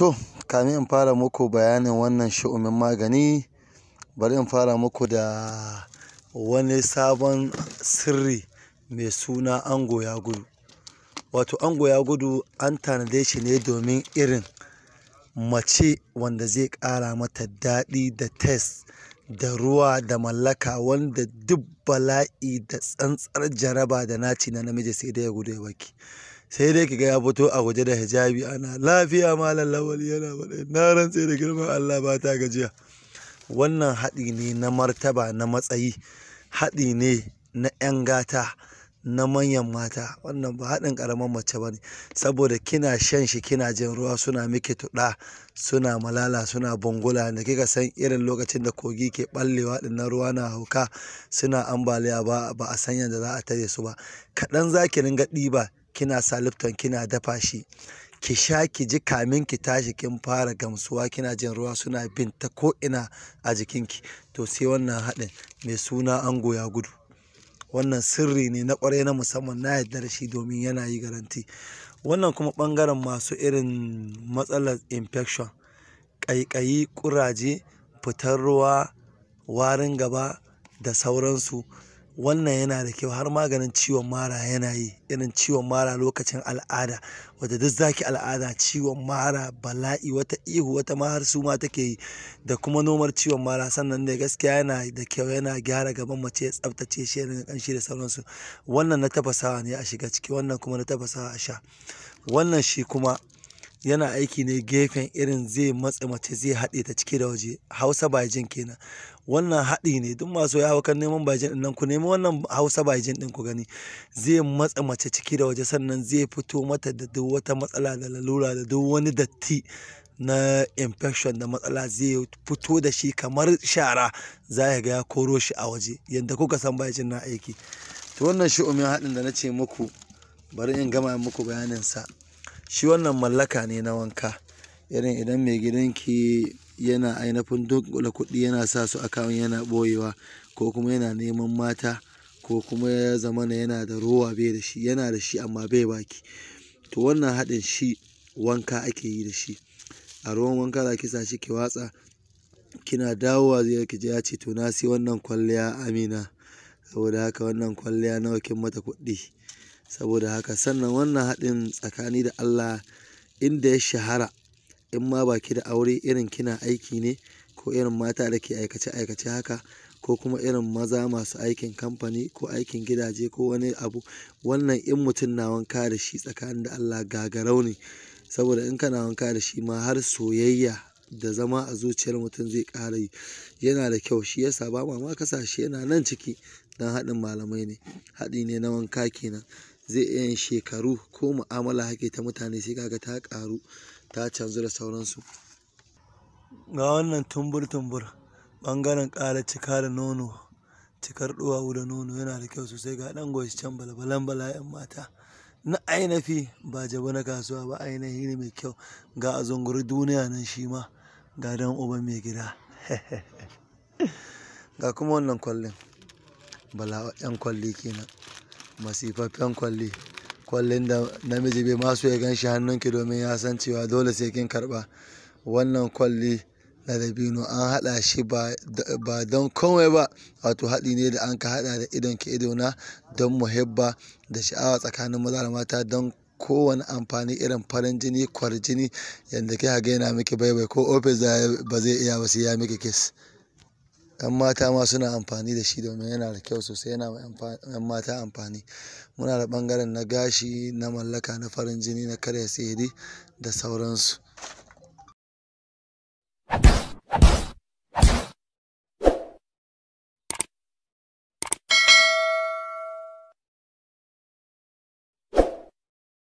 To, kamin in fara muku bayanin wannan sha'umin magani, bari in fara muku da wani sabon sirri mai suna ango ya gudu. Wato ango ya gudu an tanade shi ne domin irin mace wanda zai ƙara mata daɗi da test da ruwa da mallaka wanda duk bala'i da tsantsar jaraba da naci na namiji sai dai ya gudu ya baki. sai dai kiga ya fito a waje da hijabi ana lafiya malam lawali yana faɗa na rantse da girman Allah ba ta gajiya wannan haɗi ne na martaba na matsayi haɗi ne na 'yan gata na manyan mata wannan ba haɗin ƙaramin mace ba ne saboda kina shan shi kina jin ruwa suna miki tuɗa suna malala suna bungula da kika san irin lokacin da kogi ke ɓallewa ɗin na ruwa na hauka suna ambaliya ba ba a san yadda za a tare su ba kaɗan za ki ringa ɗiba kina sa lifton kina dafa shi ki sha ki ji kamin ki tashi kin fara gamsuwa kina jin ruwa suna bin ta ko ina a jikinki to sai wannan haɗin mai suna ango ya gudu wannan sirri ne na kwarai na musamman na yarda da shi domin yana yi garanti wannan kuma ɓangaren masu irin matsalar infection ƙaiƙayi ƙuraje fitar ruwa warin gaba da sauransu wannan yana da kyau har maganin ciwon mara yana yi irin ciwon mara lokacin al'ada wadda duk zaki al'ada ciwon mara bala'i wata ihu wata ma har suma take yi da kuma nomar ciwon mara sannan da gaskiya yana da kyau yana gyara gaban mace ya tsaftace shi yana kanshi da sauransu wannan na tafasawa ne a shiga ciki wannan kuma na tafasawa a sha wannan shi kuma yana aiki ne gefen irin zai matse mace zai haɗe ta cike da waje hausa bajin kenan wannan haɗi ne duk masu ya kan neman bajin ɗin nan ku nemi wannan hausa bajin ɗin ku gani zai matse mace ciki da waje sannan zai fito mata da duk wata matsala da lalura da duk wani datti na infection da matsala zai fito da shi kamar shara za ga ya koro shi a waje yadda kuka san bajin na aiki to wannan shi umin haɗin da na ce muku bari in gama muku bayanin shi wannan mallaka ne na wanka irin idan mai gidanki yana ainihin dunkula kuɗi yana sa su akawun yana boyewa ko kuma yana neman mata ko kuma ya zama na yana da ruwa bai da shi yana da shi amma bai baki to wannan haɗin shi wanka ake yi da shi a ruwan wanka za ki sa shi ki watsa kina dawowa zai ki ya ce to na sai wannan kwalliya amina saboda haka wannan kwalliya nawa kin mata kuɗi saboda haka sannan wannan haɗin tsakani da Allah inda ya shahara in ma baki da aure irin kina aiki ne ko irin mata da ke aikace aikace haka ko kuma irin maza masu aikin kamfani ko aikin gidaje ko wani abu wannan in mutum na wanka da shi tsakanin da Allah gagarau ne saboda in kana wanka da shi ma har soyayya da zama a zuciyar mutum zai ƙara yi yana da kyau shi yasa ba ma kasashe yana nan ciki don haɗin malamai ne haɗi ne na wanka kenan zai iya yin shekaru ko mu'amala hake ta mutane sai kaga ta karu ta canzu da sauransu ga wannan tumbur tumbur bangaren ƙara cika da nono cikar ɗuwawu da nono yana da kyau sosai ga ɗan goshi can balbalan bala'in mata na ainihi ba jaba na kasuwa ba ainihi ne mai kyau ga a duniya nan shi ma ga dan uba mai gida ga kuma wannan kwallin bala yan kwalli kenan masifaffen kwalli kwallin da namiji bai masu ya gan shi hannunki domin ya san cewa dole sai kin karba wannan kwalli na dabino an haɗa shi ba don komai ba wato haɗi ne da an ka haɗa da idon ki idona don muhibba da sha'awa tsakanin maza da mata don kowane amfani irin farin jini kwarjini yadda ke ga yana miki baibai ko ofis ba zai iya wasu ya miki kes. 'yan mata ma suna amfani da shi domin yana da kyau sosai yana 'yan mata amfani muna da ɓangaren na gashi na mallaka na farin jini na karya sihiri da sauransu